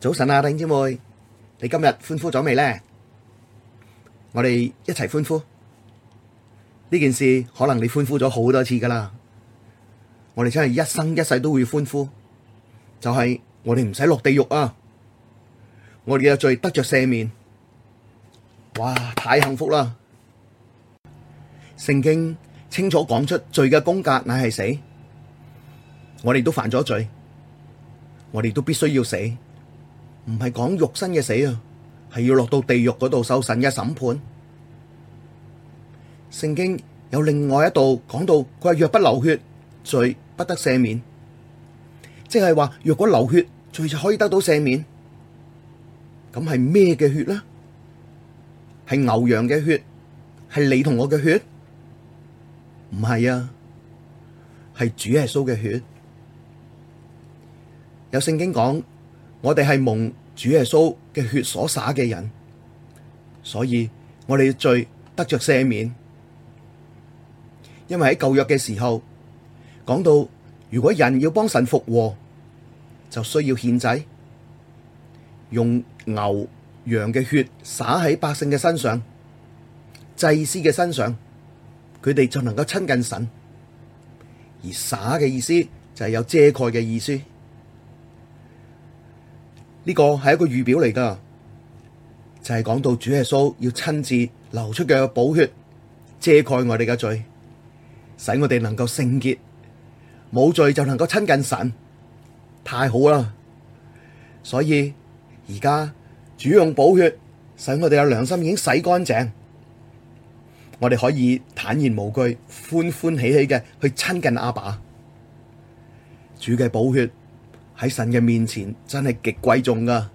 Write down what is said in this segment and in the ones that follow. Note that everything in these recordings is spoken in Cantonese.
早晨啊，弟兄姐妹，你今日歡呼咗未呢？我哋一齊歡呼。呢件事可能你歡呼咗好多次噶啦，我哋真係一生一世都會歡呼。就係我哋唔使落地獄啊！我哋嘅罪得着赦免，哇，太幸福啦！聖經清楚講出罪嘅功價乃係死，我哋都犯咗罪，我哋都必須要死。唔係講肉身嘅死啊，係要落到地獄嗰度受神嘅審判。聖經有另外一道講到，佢話若不流血，罪不得赦免。即係話若果流血，罪就可以得到赦免。咁係咩嘅血呢？係牛羊嘅血，係你同我嘅血？唔係啊，係主耶穌嘅血。有聖經講。我哋係蒙主耶穌嘅血所灑嘅人，所以我哋嘅罪得着赦免。因為喺舊約嘅時候，講到如果人要幫神復和，就需要獻祭，用牛羊嘅血灑喺百姓嘅身上，祭司嘅身上，佢哋就能夠親近神。而灑嘅意思就係有遮蓋嘅意思。呢個係一個預表嚟噶，就係講到主耶穌要親自流出嘅寶血遮蓋我哋嘅罪，使我哋能夠聖潔，冇罪就能夠親近神，太好啦！所以而家主用寶血使我哋嘅良心已經洗乾淨，我哋可以坦然無懼、歡歡喜喜嘅去親近阿爸，主嘅寶血。喺神嘅面前真係極貴重噶，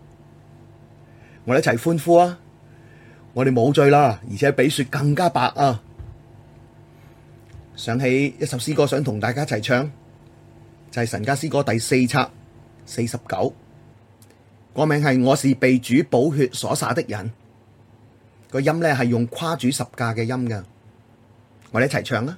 我哋一齊歡呼啊！我哋冇罪啦，而且比雪更加白啊！想起一首詩，詩歌，想同大家一齊唱，就係、是《神家詩歌》第四冊四十九，歌名係《我是被主寶血所灑的人》，那個音呢係用誇主十架嘅音噶，我哋一齊唱啊！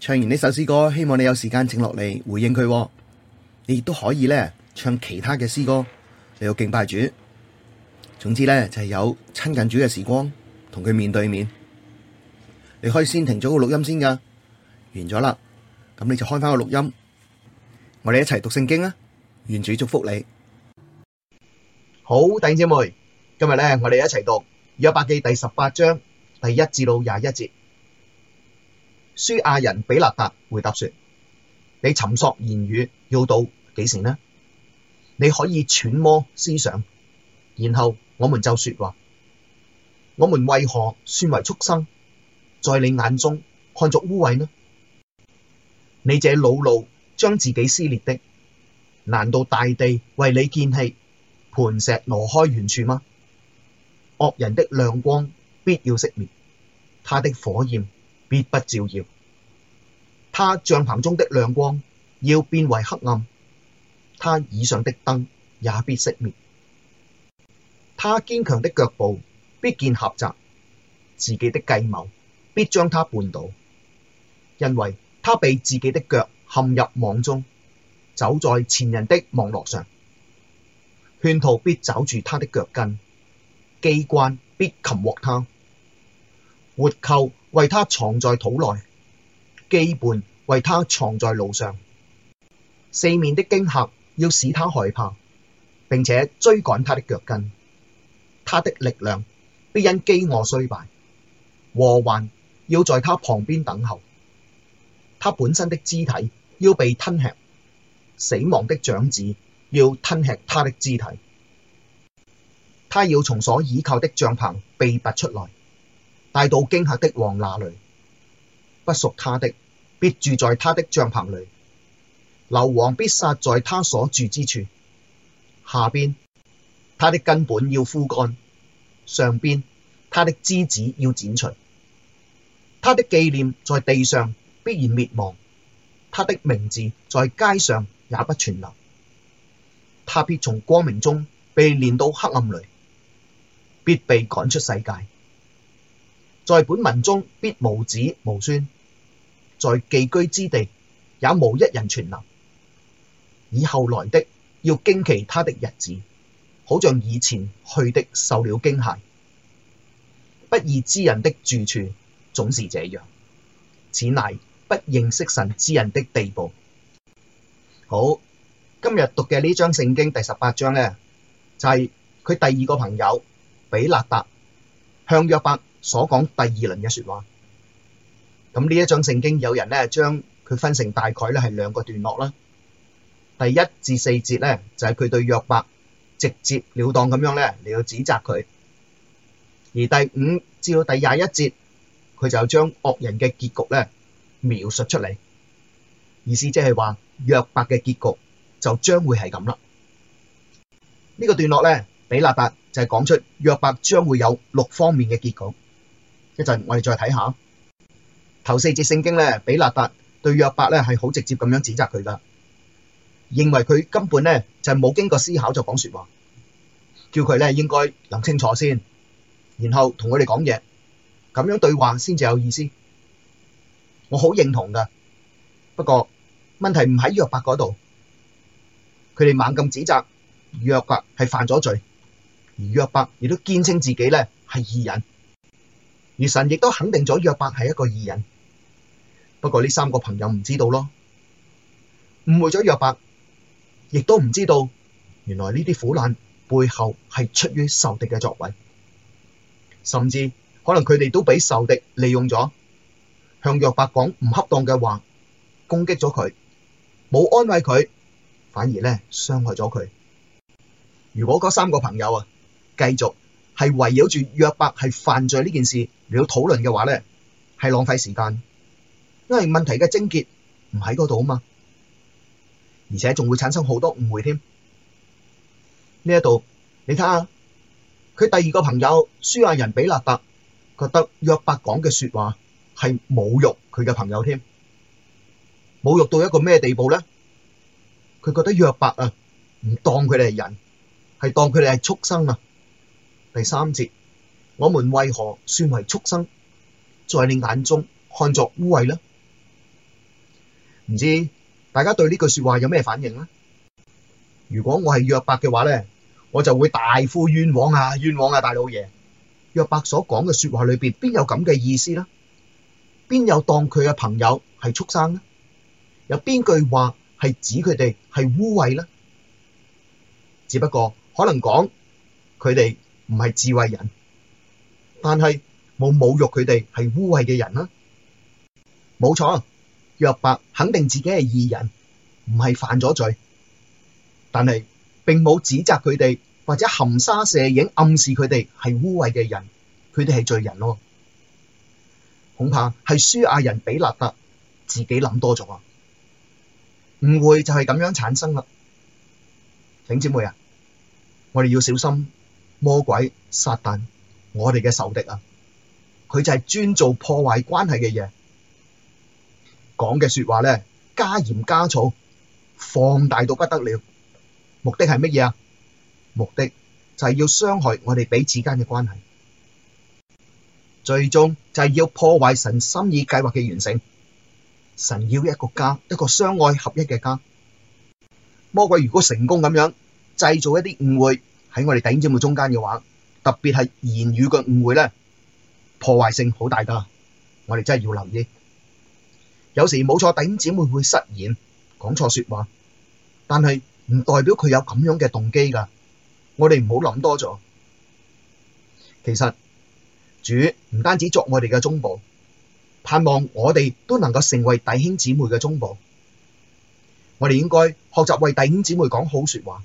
唱完呢首詩歌，希望你有時間靜落嚟回應佢。你亦都可以咧唱其他嘅詩歌嚟到敬拜主。總之咧就係、是、有親近主嘅時光，同佢面對面。你可以先停咗個錄音先噶，完咗啦，咁你就開翻個錄音。我哋一齊讀聖經啊！願主祝福你。好，弟兄姊妹，今日咧我哋一齊讀約伯記第十八章第一至到廿一節。書亞人比勒達回答說：你尋索言語要到幾時呢？你可以揣摩思想，然後我們就說話。我們為何算為畜生，在你眼中看作污穢呢？你這惱怒將自己撕裂的，難道大地為你見棄、磐石挪開原處嗎？惡人的亮光必要熄滅，他的火焰必不照耀，他帳棚中的亮光要變為黑暗，他以上的燈也必熄滅。他堅強的腳步必見狹窄，自己的計謀必將他絆倒，因為他被自己的腳陷入網中，走在纏人的網羅上。圈套必抓住他的腳跟，機關必擒獲他，活扣。為他藏在土內，羈絆為他藏在路上，四面的驚嚇要使他害怕，並且追趕他的腳跟。他的力量必因飢餓衰敗，禍患要在他旁邊等候。他本身的肢體要被吞吃，死亡的長子要吞吃他的肢體。他要從所倚靠的帳棚被拔出來。大帶驚嚇的王那裡，不屬他的必住在他的帳棚裡；硫磺必撒在他所住之處。下邊他的根本要枯乾，上邊他的枝子要剪除。他的紀念在地上必然滅亡，他的名字在街上也不存留。他必從光明中被攆到黑暗裡，必被趕出世界。在本民中必無子無孫，在寄居之地也無一人存留。以後來的要驚奇他的日子，好像以前去的受了驚駭。不義之人的住處總是這樣，此乃不認識神之人的地步。好，今日讀嘅呢章聖經第十八章呢，就係、是、佢第二個朋友比勒達向約伯。所講第二輪嘅説話，咁呢一章聖經有人呢將佢分成大概咧係兩個段落啦。第一至四節呢，就係佢對約伯直接了當咁樣呢嚟到指責佢，而第五至到第廿一節，佢就將惡人嘅結局呢描述出嚟，意思即係話約伯嘅結局就將會係咁啦。呢、這個段落呢，比勒達就係講出約伯將會有六方面嘅結局。一陣我哋再睇下頭四節聖經咧，比勒達對約伯咧係好直接咁樣指責佢噶，認為佢根本咧就係冇經過思考就講説話，叫佢咧應該諗清楚先，然後同佢哋講嘢，咁樣對話先至有意思。我好認同噶，不過問題唔喺約伯嗰度，佢哋猛咁指責約伯係犯咗罪，而約伯亦都堅稱自己咧係義人。而神亦都肯定咗約伯係一個義人，不過呢三個朋友唔知道咯，誤會咗約伯，亦都唔知道原來呢啲苦難背後係出於仇敵嘅作為，甚至可能佢哋都俾仇敵利用咗，向約伯講唔恰當嘅話，攻擊咗佢，冇安慰佢，反而呢傷害咗佢。如果嗰三個朋友啊，繼續。係圍繞住約伯係犯罪呢件事嚟到討論嘅話咧，係浪費時間，因為問題嘅症結唔喺嗰度啊嘛，而且仲會產生好多誤會添。呢一度你睇下，佢第二個朋友書亞人比勒達覺得約伯講嘅說話係侮辱佢嘅朋友添，侮辱到一個咩地步咧？佢覺得約伯啊，唔當佢哋係人，係當佢哋係畜生啊！第三節，我們為何算為畜生，在你眼中看作污穢呢？唔知大家對呢句說話有咩反應呢？如果我係約伯嘅話咧，我就會大呼冤枉啊！冤枉啊，大老爺！約伯所講嘅說話裏邊邊有咁嘅意思呢？邊有當佢嘅朋友係畜生呢？有邊句話係指佢哋係污穢呢？只不過可能講佢哋。唔係智慧人，但係冇侮辱佢哋係污穢嘅人啦、啊。冇錯，約伯肯定自己係義人，唔係犯咗罪，但係並冇指責佢哋或者含沙射影暗示佢哋係污穢嘅人，佢哋係罪人咯、啊。恐怕係書亞人比勒達自己諗多咗啊！誤會就係咁樣產生啦。請姐妹啊，我哋要小心。魔鬼撒旦，我哋嘅仇敵啊！佢就係專做破壞關係嘅嘢，講嘅說話咧加鹽加醋，放大到不得了。目的係乜嘢啊？目的就係要傷害我哋彼此間嘅關係，最終就係要破壞神心意計劃嘅完成。神要一個家，一個相愛合一嘅家。魔鬼如果成功咁樣製造一啲誤會，喺我哋弟兄姊妹中間嘅話，特別係言語嘅誤會咧，破壞性好大噶。我哋真係要留意。有時冇錯，弟兄姊妹會失言，講錯說話，但係唔代表佢有咁樣嘅動機噶。我哋唔好諗多咗。其實主唔單止作我哋嘅中保，盼望我哋都能夠成為弟兄姊妹嘅中保。我哋應該學習為弟兄姊妹講好說話。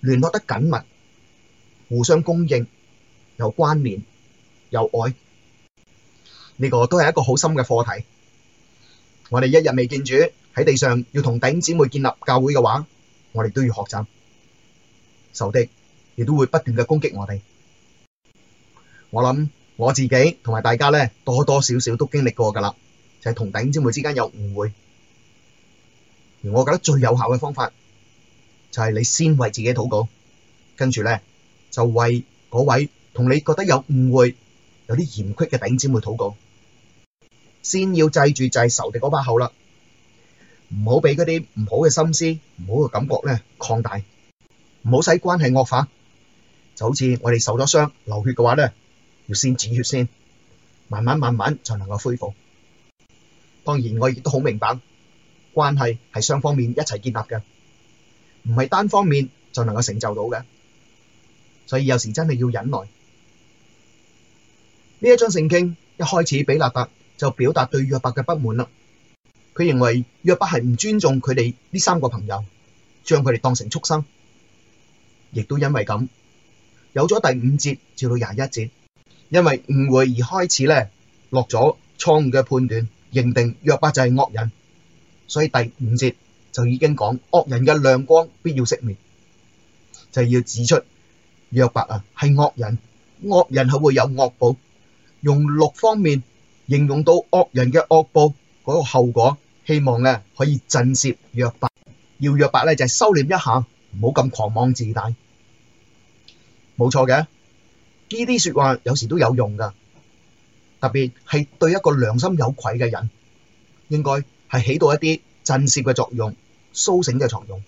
聯絡得緊密，互相供應，有關聯，有愛，呢個都係一個好深嘅課題。我哋一日未見主喺地上，要同弟兄姊妹建立教會嘅話，我哋都要學習，仇敵，亦都會不斷嘅攻擊我哋。我諗我自己同埋大家咧，多多少少都經歷過㗎啦，就係同弟兄姊妹之間有誤會。而我覺得最有效嘅方法，就係你先為自己禱告，跟住咧就為嗰位同你覺得有誤會、有啲嫌隙嘅弟兄姊妹禱告，先要制住就係仇敵嗰把口啦，唔好俾嗰啲唔好嘅心思、唔好嘅感覺咧擴大，唔好使關係惡化。就好似我哋受咗傷流血嘅話咧，要先止血先，慢慢慢慢才能夠恢復。當然我亦都好明白，關係係雙方面一齊建立嘅。唔係單方面就能夠成就到嘅，所以有時真係要忍耐。呢一章聖經一開始，比勒達就表達對約伯嘅不滿啦。佢認為約伯係唔尊重佢哋呢三個朋友，將佢哋當成畜生，亦都因為咁有咗第五節至到廿一節，因為誤會而開始咧落咗錯誤嘅判斷，認定約伯就係惡人，所以第五節。就已經講惡人嘅亮光必要熄滅，就要指出約伯啊係惡人，惡人係會有惡報，用六方面形容到惡人嘅惡報嗰個後果，希望咧可以震懾約伯，要約伯咧就係收斂一下，唔好咁狂妄自大。冇錯嘅，呢啲說話有時都有用㗎，特別係對一個良心有愧嘅人，應該係起到一啲震懾嘅作用。蘇醒嘅作用，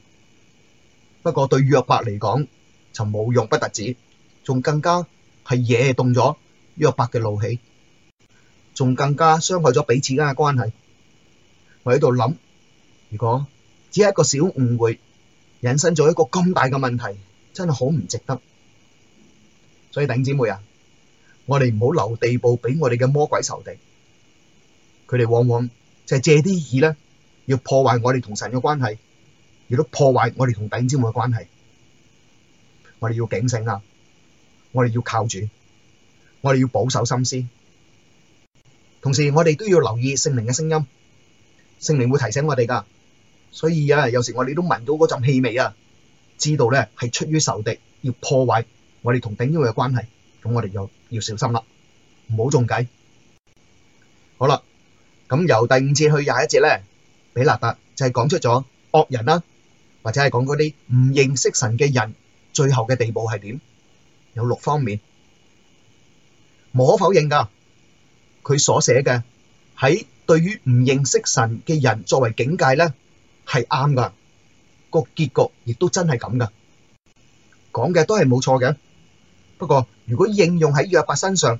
不過對約伯嚟講就無用不特止，仲更加係惹動咗約伯嘅怒氣，仲更加傷害咗彼此間嘅關係。我喺度諗，如果只係一個小誤會，引申咗一個咁大嘅問題，真係好唔值得。所以弟兄姊妹啊，我哋唔好留地步俾我哋嘅魔鬼仇敵，佢哋往往就係借啲意咧。要破壞我哋同神嘅關係，亦都破壞我哋同弟兄姊妹嘅關係。我哋要警醒啊！我哋要靠主，我哋要保守心思。同時，我哋都要留意聖靈嘅聲音，聖靈會提醒我哋噶。所以啊，有時我哋都聞到嗰陣氣味啊，知道咧係出於仇敵，要破壞我哋同弟兄嘅關係。咁我哋就要小心啦，唔好中計好啦。咁由第五節去廿一節咧。比勒達就係講出咗惡人啦，或者係講嗰啲唔認識神嘅人，最後嘅地步係點？有六方面，無可否認噶，佢所寫嘅喺對於唔認識神嘅人作為警戒咧，係啱噶，個結局亦都真係咁噶，講嘅都係冇錯嘅。不過如果應用喺約伯身上，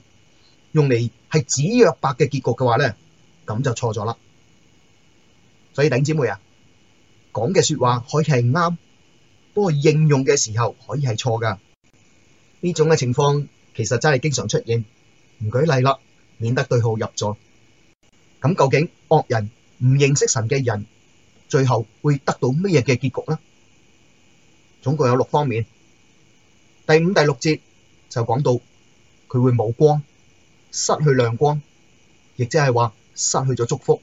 用嚟係指約伯嘅結局嘅話咧，咁就錯咗啦。所以弟兄姊妹啊，講嘅說話可以係啱，不過應用嘅時候可以係錯噶。呢種嘅情況其實真係經常出現。唔舉例啦，免得對號入座。咁究竟惡人、唔認識神嘅人，最後會得到乜嘢嘅結局呢？總共有六方面。第五、第六節就講到佢會冇光，失去亮光，亦即係話失去咗祝福。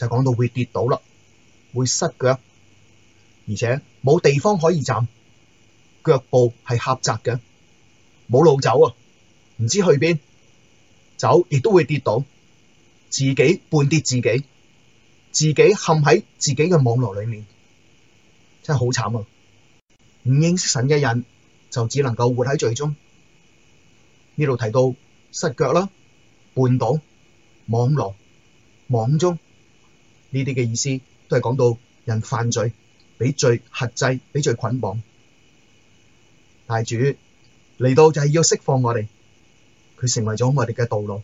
就講到會跌倒啦，會失腳，而且冇地方可以站，腳步係狹窄嘅，冇路走啊，唔知去邊走，亦都會跌倒，自己絆跌自己，自己陷喺自己嘅網羅裡面，真係好慘啊！唔認識神嘅人就只能夠活喺罪中。呢度提到失腳啦，絆倒、網羅、網中。呢啲嘅意思都係講到人犯罪，俾罪轄制，俾罪捆綁。但係主嚟到就係要釋放我哋，佢成為咗我哋嘅道路，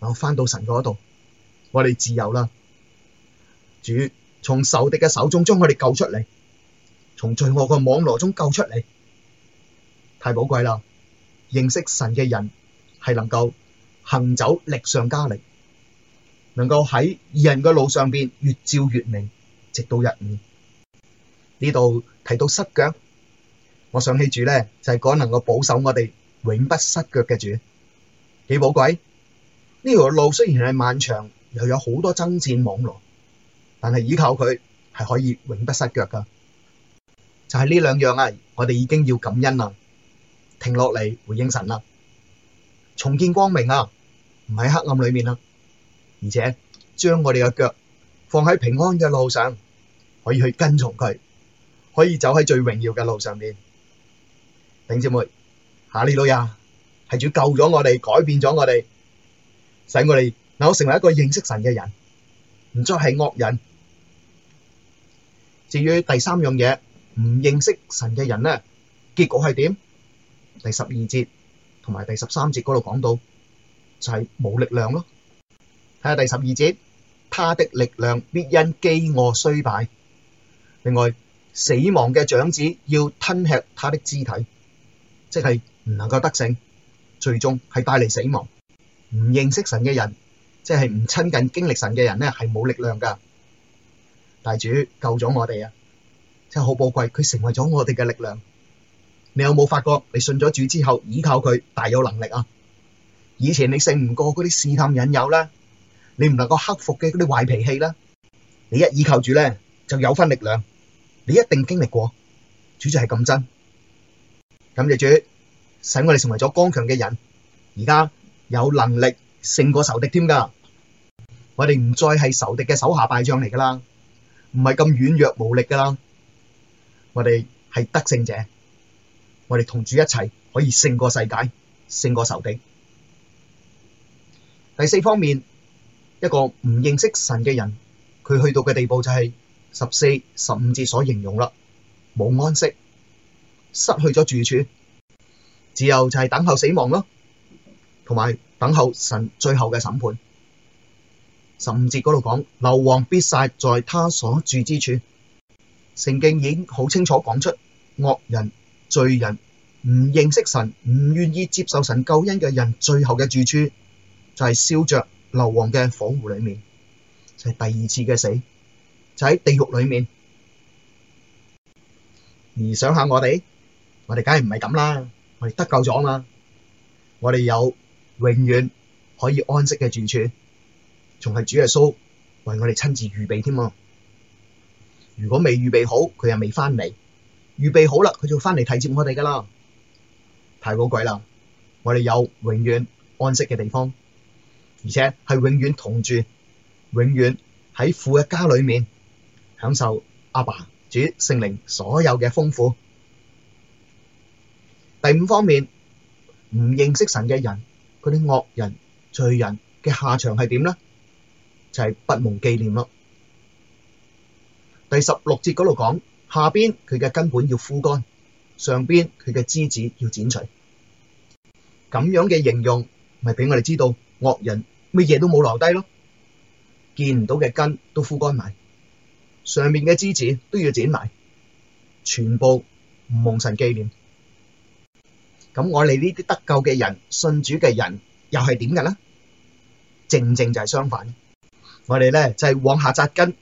我返到神嗰度，我哋自由啦。主從仇敵嘅手中將我哋救出嚟，從罪惡嘅網絡中救出嚟，太寶貴啦！認識神嘅人係能夠行走，力上加力。能夠喺義人嘅路上邊越照越明，直到日午。呢度提到失腳，我想起主呢，就係講能夠保守我哋永不失腳嘅主，幾寶貴？呢條路雖然係漫長，又有好多爭戰網絡，但係依靠佢係可以永不失腳噶。就係呢兩樣啊，我哋已經要感恩啦，停落嚟回應神啦，重見光明啊，唔喺黑暗裏面啦。而且將我哋嘅腳放喺平安嘅路上，可以去跟從佢，可以走喺最榮耀嘅路上面。頂姊妹，哈利路亞，係主救咗我哋，改變咗我哋，使我哋能夠成為一個認識神嘅人，唔再係惡人。至於第三樣嘢，唔認識神嘅人咧，結果係點？第十二節同埋第十三節嗰度講到，就係冇力量咯。睇下第十二節，他的力量必因飢餓衰敗。另外，死亡嘅長子要吞吃他的肢體，即係唔能夠得勝，最終係帶嚟死亡。唔認識神嘅人，即係唔親近經歷神嘅人咧，係冇力量噶。大主救咗我哋啊，真係好寶貴。佢成為咗我哋嘅力量。你有冇發覺？你信咗主之後，依靠佢大有能力啊！以前你勝唔過嗰啲試探引誘咧？你唔能夠克服嘅嗰啲壞脾氣啦，你一依靠住咧就有翻力量。你一定經歷過，主就係咁真。感謝主，使我哋成為咗剛強嘅人，而家有能力勝過仇敵添噶。我哋唔再係仇敵嘅手下敗將嚟噶啦，唔係咁軟弱無力噶啦。我哋係得勝者，我哋同主一齊可以勝過世界，勝過仇敵。第四方面。一個唔認識神嘅人，佢去到嘅地步就係十四、十五節所形容啦，冇安息，失去咗住處，只有就係等候死亡咯，同埋等候神最後嘅審判。十五節嗰度講，硫磺必撒在他所住之處。聖經已經好清楚講出惡人、罪人、唔認識神、唔願意接受神救恩嘅人，最後嘅住處就係、是、燒着，硫磺嘅火湖裏面，就係、是、第二次嘅死，就喺、是、地獄裏面。而想下我哋，我哋梗係唔係咁啦，我哋得救咗啊嘛，我哋有永遠可以安息嘅住處，仲係主耶穌為我哋親自預備添啊！如果未預備好，佢又未翻嚟；預備好啦，佢就翻嚟迎接我哋噶啦。太好鬼啦！我哋有永遠安息嘅地方。而且係永遠同住，永遠喺父嘅家裏面享受阿爸主聖靈所有嘅豐富。第五方面，唔認識神嘅人，嗰啲惡人、罪人嘅下場係點呢？就係、是、不蒙紀念咯。第十六節嗰度講，下邊佢嘅根本要枯乾，上邊佢嘅枝子要剪除，咁樣嘅形容咪俾我哋知道。惡人乜嘢都冇留低咯，見唔到嘅根都枯乾埋，上面嘅枝子都要剪埋，全部唔蒙神紀念。咁我哋呢啲得救嘅人，信主嘅人又係點嘅咧？正正就係相反，我哋咧就係往下扎根，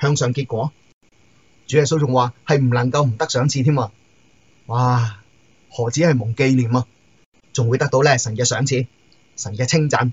向上結果。主耶穌仲話係唔能夠唔得賞賜添啊！哇，何止係蒙紀念啊，仲會得到咧神嘅賞賜、神嘅稱讚。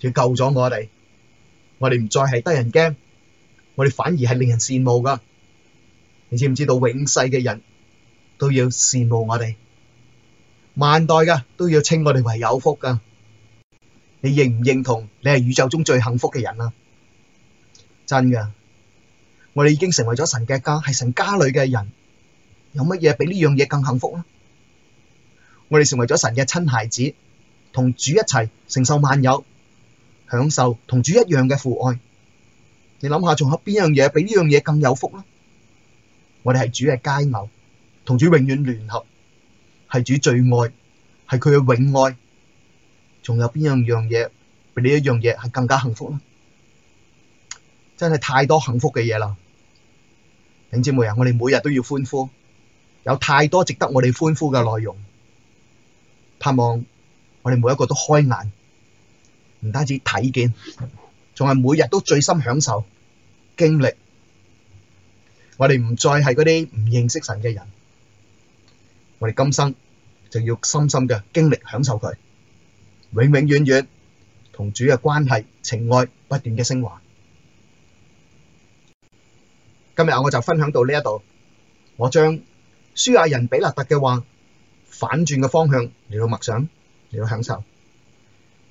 佢救咗我哋，我哋唔再係得人驚，我哋反而係令人羨慕噶。你知唔知道永世嘅人都要羨慕我哋，萬代噶都要稱我哋為有福噶。你認唔認同你係宇宙中最幸福嘅人啊？真噶，我哋已經成為咗神嘅家，係神家裏嘅人，有乜嘢比呢樣嘢更幸福呢？我哋成為咗神嘅親孩子，同主一齊承受萬有。享受同主一樣嘅父愛，你諗下仲有邊樣嘢比呢樣嘢更有福呢？我哋係主嘅佳偶，同主永遠聯合，係主最愛，係佢嘅永愛。仲有邊樣樣嘢比呢一樣嘢係更加幸福呢？真係太多幸福嘅嘢啦，弟兄姊妹我哋每日都要歡呼，有太多值得我哋歡呼嘅內容。盼望我哋每一個都開眼。唔單止睇見，仲係每日都最深享受經歷。我哋唔再係嗰啲唔認識神嘅人，我哋今生就要深深嘅經歷享受佢，永永遠遠同主嘅關係情愛不斷嘅昇華。今日我就分享到呢一度，我將書亞人比拿特嘅話反轉嘅方向嚟到默想，嚟到享受，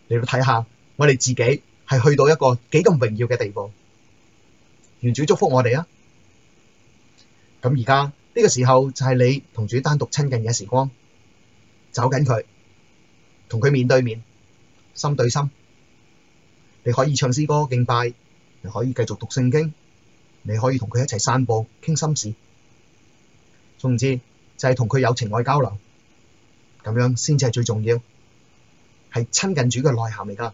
嚟到睇下。我哋自己係去到一個幾咁榮耀嘅地步，願主祝福我哋啊！咁而家呢個時候就係你同主單獨親近嘅時光，走緊佢，同佢面對面、心對心。你可以唱詩歌敬拜，你可以繼續讀聖經，你可以同佢一齊散步、傾心事，總之，就係同佢有情愛交流，咁樣先至係最重要，係親近主嘅內涵嚟噶。